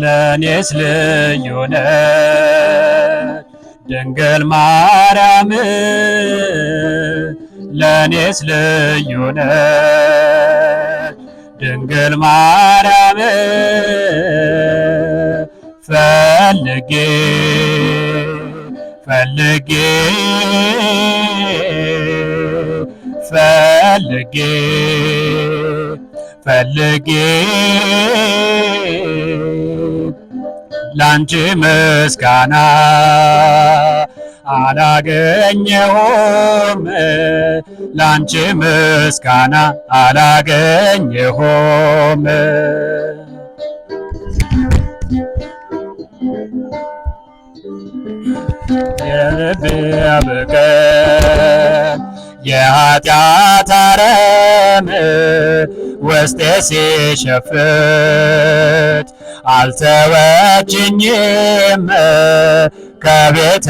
ለእኔስ ልዩ ነሽ ድንግል ማርያም ለእኔስ ልዩ ነሽ ድንግል ማርያም ፈልጌ ፈልጌ ፈልጌ ፈልጌ ላንቺ ምስጋና አላገኘሁም ላንቺ ምስጋና አላገኘሁም። የልቤ አበቀ የኃጢአት አረም ውስጤ ሲሸፍት አልተወችኝም ከቤተ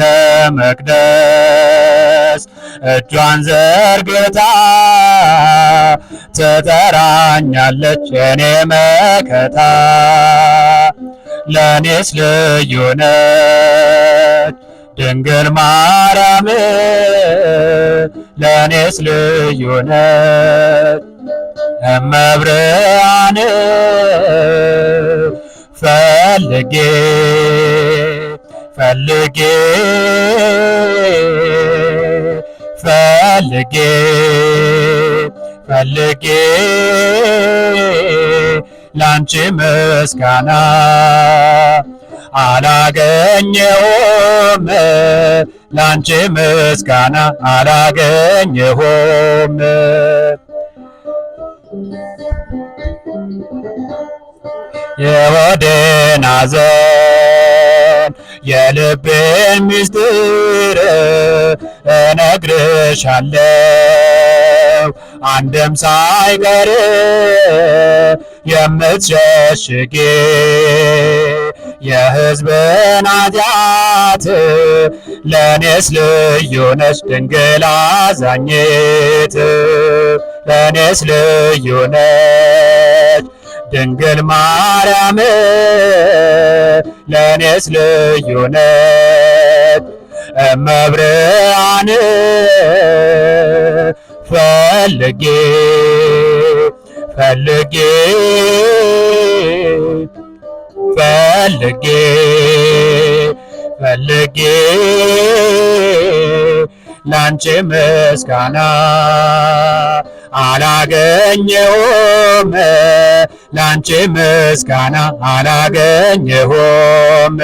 መቅደስ እጇን ዘርግታ ትጠራኛለች የኔ መከታ ለእኔስ ልዩ ነች ድንግል ማርያም ለእኔስ ልዩ ነች እመብርሃን ፈልጌ ፈልጌ ፈልጌ ፈልጌ ላንቺ ምስጋና አላገኘውም ላንቺ ምስጋና አላገኘሁም። የወደን አዘን የልቤን ምስጢር እነግርሻለው አንድም ሳይቀር የምትሸሽጌ የሕዝብን ኃጢአት ለእኔስ ልዩ ነሽ ድንግል አዛኝት ለእኔስ ልዩ ነሽ ድንግል ማርያም ለእኔስ ልዩ ነሽ እመብርሃን ፈልጌ ፈልጌ ፈልጌ ፈልጌ ላንቺ ምስጋና አላገኘሁም ላንቺ ምስጋና አላገኘሁም